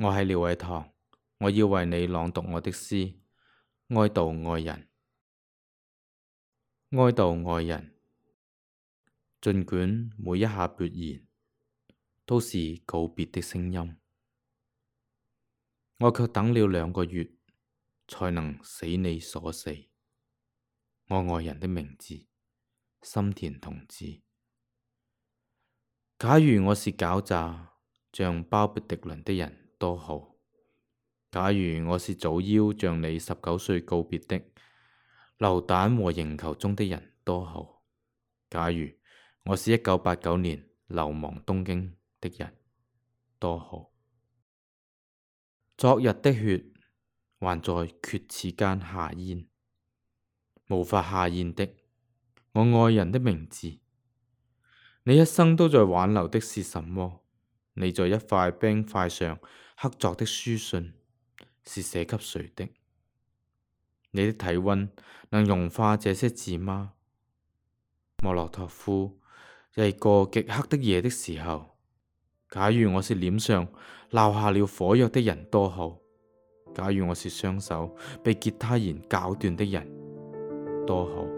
我係廖偉棠，我要為你朗讀我的詩，哀悼愛人，哀悼愛人。盡管每一下別言都是告別的聲音，我卻等了兩個月才能死你所死，我愛人的名字，心田同志。假如我是狡詐像包布迪倫的人。多好！假如我是早夭像你十九歲告別的榴彈和凝球中的人，多好！假如我是一九八九年流亡東京的人，多好！昨日的血還在決齒間下咽，無法下咽的我愛人的名字，你一生都在挽留的是什麼？你在一塊冰塊上刻作的書信是寫給誰的？你的體溫能融化這些字嗎？莫洛托夫，係個極黑的夜的時候，假如我是臉上留下了火藥的人多好，假如我是雙手被吉他弦絞斷的人多好。